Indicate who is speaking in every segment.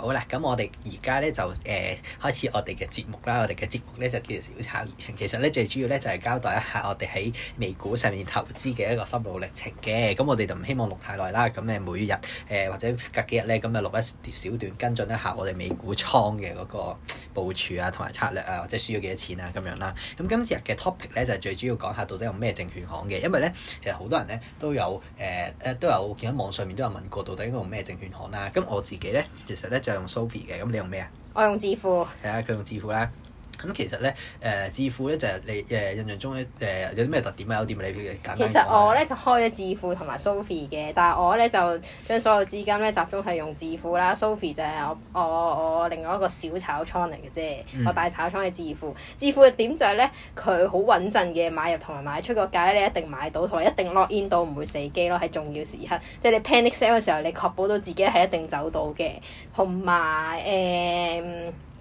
Speaker 1: 好啦，咁我哋而家咧就誒、呃、開始我哋嘅節目啦。我哋嘅節目咧就叫做小炒怡情。其實咧最主要咧就係交代一下我哋喺美股上面投資嘅一個心路歷程嘅。咁我哋就唔希望錄太耐啦。咁誒每日誒、呃、或者隔幾日咧，咁就錄一小段跟進一下我哋美股倉嘅嗰個部署啊，同埋策略啊，或者需要幾多錢啊，咁樣啦。咁今次日嘅 topic 咧就係、是、最主要講下到底用咩證券行嘅。因為咧，其實好多人咧都有誒誒、呃、都有見喺網上面都有問過，到底應該用咩證券行啦。咁我自己咧，其實咧就用 Sofi 嘅。咁你用咩啊？我用致富。係啊，佢用致富啦。咁其實咧誒，致富咧就係、是、你誒、呃、印象中誒有啲咩特點啊？有啲咩利？簡單其實我
Speaker 2: 咧就開咗致富同埋 Sofi 嘅，但係我咧就將所有資金咧集中係用致富啦。Sofi 就係我我。我我我我另外一個小炒倉嚟嘅啫，嗯、我大炒倉係致富，致富嘅點就係咧，佢好穩陣嘅買入同埋買出個價咧，你一定買到，同埋一定 lock in 到，唔會死機咯。喺重要時刻，即係你 panic sell 嘅時候，你確保到自己係一定走到嘅，同埋誒。欸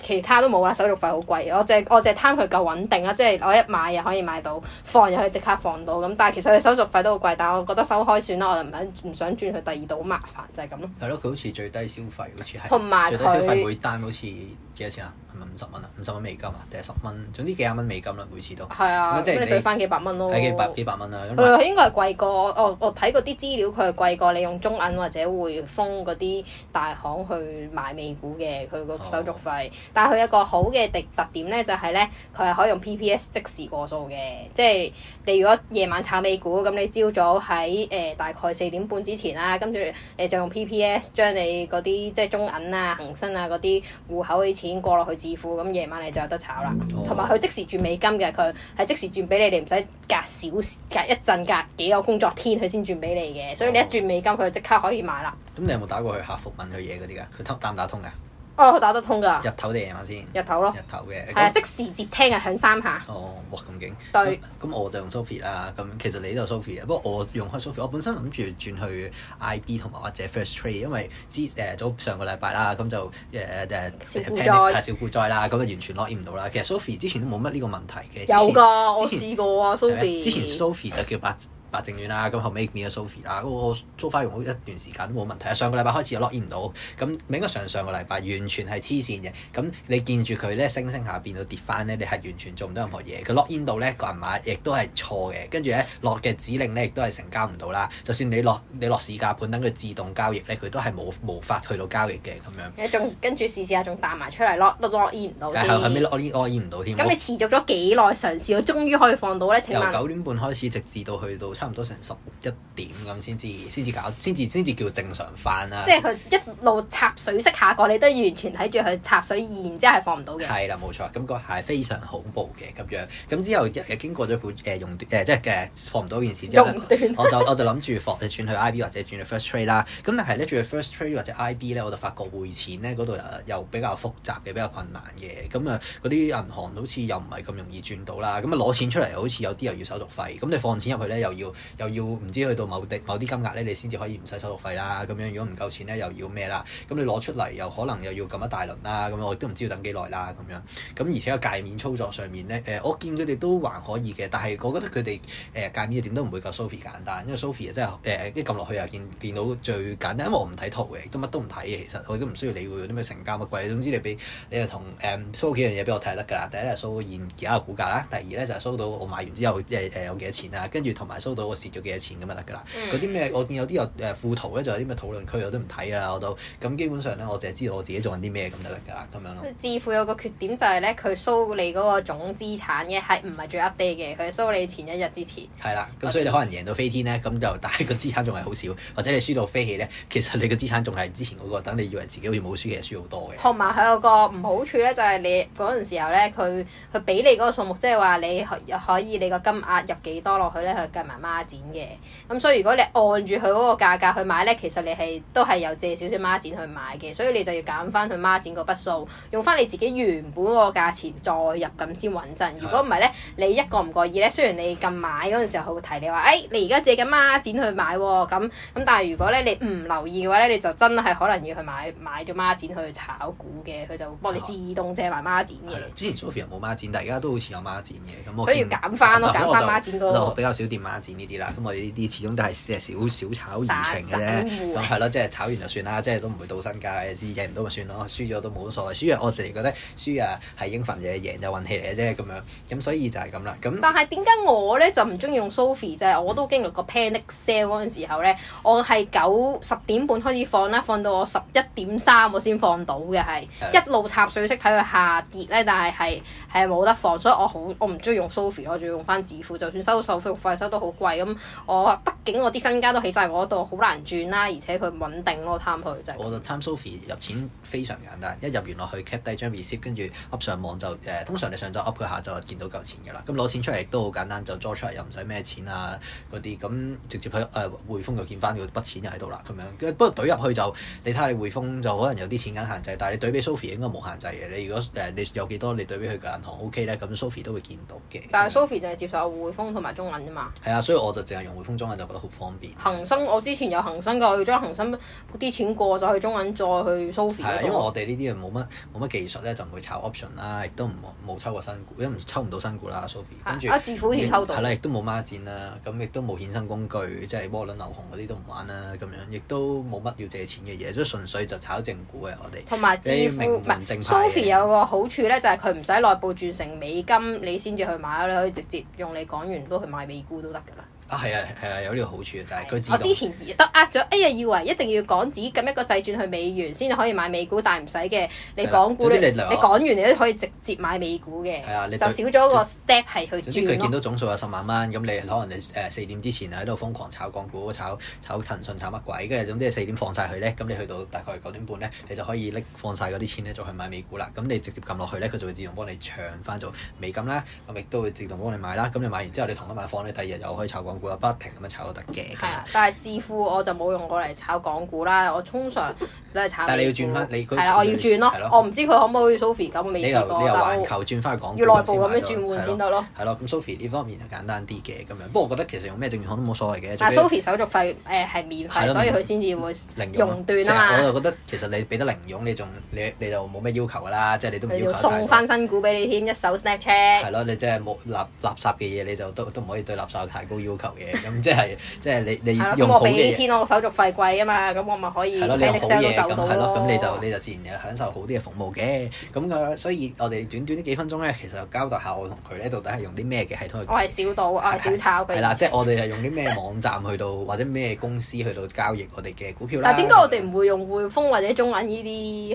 Speaker 2: 其他都冇啊，手續費好貴，我淨係我淨係貪佢夠穩定啊，即係我一買又可以買到，放又可以即刻放到咁。但係其實佢手續費都好貴，但係我覺得收開算啦，我就唔想唔想轉去第二度好麻煩就係咁
Speaker 1: 咯。係咯，佢好似最低消費好似係同埋最低消費每單好似幾多錢啊？係咪五十蚊啊？五十蚊美金啊？定係十蚊？總之幾廿蚊美金啦、啊，每次都係啊，嗯、即係你睇幾百蚊幾百蚊啦。佢、啊、
Speaker 2: 應該係貴過、嗯、我我我睇嗰啲資料，佢係貴過你用中銀或者匯豐嗰啲大行去買美股嘅佢個手續費。哦。但佢有一個好嘅特特點咧，就係、是、咧，佢係可以用 PPS 即時過數嘅，即係你如果夜晚炒美股，咁你朝早喺誒、呃、大概四點半之前啦，跟住你就用 PPS 將你嗰啲即係中銀啊、恒生啊嗰啲戶口嘅錢過落去支付，咁夜晚你就有得炒啦。同埋佢即時轉美金嘅，佢係即時轉俾你，你唔使隔少隔一陣隔幾個工作天佢先轉俾你嘅，哦、所以你一轉美金，佢就即刻可以買啦。
Speaker 1: 咁、哦、你有冇打過去客服問佢嘢嗰啲噶？佢打唔打通噶？哦，佢打得通㗎。日頭定夜晚先。日頭
Speaker 2: 咯。日
Speaker 1: 頭嘅。那即
Speaker 2: 時接聽啊，響
Speaker 1: 三下。哦，哇，咁勁。對。咁我就用 Sophie 啦，咁其實你就 Sophie 啊，不過我用開 Sophie，我本身諗住轉去 IB 同埋或者 First Trade，因為之誒早上個禮拜啦，咁就誒誒、呃呃，小故障小故障啦，咁就完全 login 唔到啦。其實 Sophie 之前都冇乜呢個問題嘅。有㗎，我試過啊
Speaker 2: ，Sophie。之前 Sophie
Speaker 1: 就叫八。 白靜遠啊，咁後尾變咗 Sofi 啊，嗰個租花用好一段時間都冇問題啊。上個禮拜開始又 lock 唔到，咁唔應該上上個禮拜完全係黐線嘅。咁你見住佢咧升升下變到跌翻咧，你係完全做唔到任何嘢。佢 lock in 到咧個銀碼亦都係錯嘅，跟住咧落嘅指令咧亦都係成交唔到啦。就算你落你落市價盤等佢自動交易咧，佢都係冇無，無法去到交易嘅咁樣。你仲
Speaker 2: 跟住試試下仲彈埋出嚟咯，落 lock 唔到。係係
Speaker 1: 咪 lock in lock in 唔到添？咁你持
Speaker 2: 續咗幾耐嘗試，我終於可以放到咧？請問由九
Speaker 1: 點半開始，直至到去到。差唔多成十一點咁先至先至搞先至先至叫正常返啦，即係佢
Speaker 2: 一路插水式下過，你都完全睇住佢插水，然之後係放唔到嘅。係
Speaker 1: 啦，冇錯，咁個係非常恐怖嘅咁樣。咁之後又經過咗佢誒熔斷即係嘅、呃、放唔到件事之後，我就我就諗住放誒轉去 I B 或者轉去 First Trade 啦。咁但係咧轉去 First Trade 或者 I B 咧，我就發覺匯錢咧嗰度又比較複雜嘅，比較困難嘅。咁啊，嗰啲銀行好似又唔係咁容易轉到啦。咁啊，攞錢出嚟好似有啲又要手續費。咁你放錢入去咧又要。又要唔知去到某啲某啲金額咧，你先至可以唔使手續費啦。咁樣，如果唔夠錢咧，又要咩啦？咁你攞出嚟又可能又要撳一大輪啦。咁我都唔知要等幾耐啦。咁樣咁而且個界面操作上面咧，誒、呃，我見佢哋都還可以嘅，但係我覺得佢哋誒界面點都唔會夠 SoFi 簡單，因為 SoFi 啊真係誒，一撳落去啊見見，見到最簡單，因為我唔睇圖嘅，都乜都唔睇嘅。其實我都唔需要理佢啲咩成交乜鬼。總之你俾你係同誒，show 幾樣嘢俾我睇得㗎啦。第一係 show 現而家嘅股價啦，第二咧就係 show 到我買完之後誒誒有幾多錢啦，跟住同埋 show 到我蝕咗幾多錢咁就得噶啦！嗰啲咩我見有啲有誒富途咧，就、啊、有啲咩討論區我都唔睇啦，我都咁基本上咧，我淨係知道我自己做緊啲咩咁就得噶啦，咁
Speaker 2: 樣。致富有個缺點就係咧，佢 show 你嗰個總資產嘅係唔係最 update 嘅？佢 show 你前一日之前。
Speaker 1: 係啦，咁所以你可能贏到飛天咧，咁就但係個資產仲係好少；或者你輸到飛起咧，其實你個資產仲係之前嗰、那個。等你以為自己好似冇輸嘅，輸好多嘅。
Speaker 2: 同埋佢有，還有個唔好處咧，就係、是、你嗰陣時候咧，佢佢俾你嗰個數目，即係話你可以你個金額入幾多落去咧，佢計埋。孖展嘅，咁、嗯、所以如果你按住佢嗰個價格去買咧，其實你係都係有借少少孖展去買嘅，所以你就要減翻佢孖展個筆數，用翻你自己原本嗰個價錢再入咁先穩陣。如果唔係咧，你一個唔覺意咧，雖然你咁買嗰陣時候佢會提你話，誒、欸，你而家借緊孖展去買、哦，咁咁但係如果咧你唔留意嘅話咧，你就真係可能要去買買咗孖展去炒股嘅，佢就幫你自動借埋孖展嘅。之前
Speaker 1: Sofi 冇孖展，但而家都好似有孖展嘅，咁、嗯、我都要
Speaker 2: 減翻咯，減翻、啊、孖展嗰個。
Speaker 1: 比較少掂孖展。呢啲啦，咁我哋呢啲始終都係少少炒怡情嘅啫，咁係咯，即係炒完就算啦， 即係都唔會到新界，嘅，贏唔到就算咯，輸咗都冇乜所謂。輸啊，我成日覺得輸啊係應份嘢，贏就運氣嚟嘅啫咁樣，咁所以就係咁啦。咁但
Speaker 2: 係點解我咧就唔中意用 Sofi 就係？我都經歷過 Panic Sell 嗰陣時候咧，我係九十點半開始放啦，放到我十一點三我先放到嘅，係的一路插水式睇佢下跌咧，但係係係冇得放，所以我好我唔中意用 Sofi，我仲要用翻紙付，就算收手費用費收得好貴。咁、嗯、我畢竟我啲身家都喺曬嗰度，好難轉啦、啊，而且佢穩定咯，貪佢
Speaker 1: 就。我貪 Sofi 入錢非常簡單，一入完落去 cap 低張 receipt 跟住 upload 上網就誒，通常你上晝 upload 佢下晝見到嚿錢㗎啦。咁、嗯、攞錢出嚟亦都好簡單，就咗出嚟又唔使咩錢啊嗰啲，咁、嗯、直接去誒、呃、匯豐就見翻嗰筆錢又喺度啦咁樣。不過兌入去就你睇下，匯豐就可能有啲錢緊限制，但係你兌俾 Sofi 應該冇限制嘅。你如果誒、呃、你有幾多你兌俾佢嘅銀行 OK 咧，咁 Sofi 都會見到嘅。但
Speaker 2: 係 Sofi 就係接受匯豐同埋中銀啫嘛。
Speaker 1: 係啊、嗯，所我就淨係用匯豐中啊，就覺得好方便。
Speaker 2: 恒生我之前有恒生㗎，我要將恒生啲錢過咗去中銀，再去 Sofi 對。因為我
Speaker 1: 哋呢啲嘢冇乜冇乜技術咧，就唔會炒 option 啦，亦都唔冇抽過新股，因為抽唔到新股啦，Sofi 對。跟住著啊，恆指庫好似抽到。係啦，亦都冇孖展啦，咁亦都冇衍生工具，即係窩輪牛熊嗰啲都唔玩啦、啊，咁樣亦都冇乜要借錢嘅嘢，即係純粹就炒正股嘅、啊、我哋。同埋恆指庫 Sofi
Speaker 2: 有個好處咧，就係佢唔使內部轉成美金，你先至去買啦，你可以直接用你港元都去買美股都得㗎啦。
Speaker 1: 啊係啊係啊有呢個好處啊，就係、係、佢我之前
Speaker 2: 得呃咗，哎呀以為一定要港紙咁一個掣轉去美元先至可以買美股，但係唔使嘅，你港股你你講完你都可以直接買美股嘅，啊、就少咗個 step 係就去轉咯。咁佢見到總
Speaker 1: 數有十萬蚊，咁、嗯、你可能你四點之前喺度瘋狂炒港股，股、炒炒，炒騰訊、炒乜鬼，跟住總之四點放晒佢咧，咁你去到大概九點半呢，你就可以拎放晒嗰啲錢呢，再去買美股啦。咁你直接撳落去呢，佢就會自動幫你唱翻做美金啦，咁亦都會自動幫你買啦。咁你買完之後，你同一晚放咧，第二日又可以炒股、股。股啊，不停咁樣炒都得嘅。係啊，
Speaker 2: 但係致富我就冇用過嚟炒港股啦。我通常都係炒。但係你要轉翻你係啦，我要轉咯。我唔知佢可唔可以 Sofi 咁未試過。你又環球
Speaker 1: 轉翻去港股，要內部咁樣轉換先得咯。係咯，咁 Sofi 呢方面就簡單啲嘅咁樣。不過我覺得其實用咩證券行都冇所謂嘅。但 Sofi
Speaker 2: 手續費誒係免費，所以佢先至會熔斷啦，我就
Speaker 1: 覺得其實你俾得零佣，你仲你你就冇咩要求㗎啦，即係你都唔要求太高。送
Speaker 2: 翻新股俾你添，一手 Snapchat。
Speaker 1: 係咯，你即係冇垃垃圾嘅嘢，你就都都唔可以對垃圾太高要求。咁即係即係你你用好嘢，我俾啲錢，我
Speaker 2: 手續費貴啊嘛，咁我咪可以，係咯，你用好嘢，咁咁你就
Speaker 1: 你就自然有享受好啲嘅服務嘅，咁所以我哋短短啲幾分鐘咧，其實交代下我同佢咧，到底係用啲咩嘅系統去，我係
Speaker 2: 小島啊，小炒嘅，係啦，即係我哋係用啲
Speaker 1: 咩網站去到，或者咩公司去到交易我哋嘅股票啦。但係點解我
Speaker 2: 哋唔會用匯豐或者中銀呢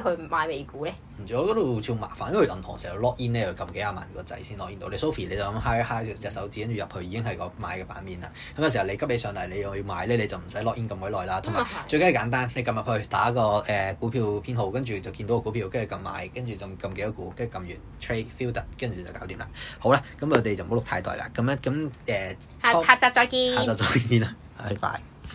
Speaker 2: 啲去買美股咧？
Speaker 1: 住我嗰度超麻煩，因為銀行成日落 log in 咧，要撳幾廿萬個掣先落 log in 到。你 Sofi 你就咁揩一揩隻手指，跟住入去已經係個買嘅版面啦。咁有時候你急起上嚟，你又要買咧，你就唔使落 log in 咁鬼耐啦。同埋最緊要簡單，你撳入去打個誒、呃、股票編號，跟住就見到個股票，跟住撳買，跟住就撳幾多股，跟住撳完 trade field，跟住就搞掂啦。好啦，咁我哋就唔好錄太耐啦。咁樣咁誒，下集再見。下集再見啦，拜拜。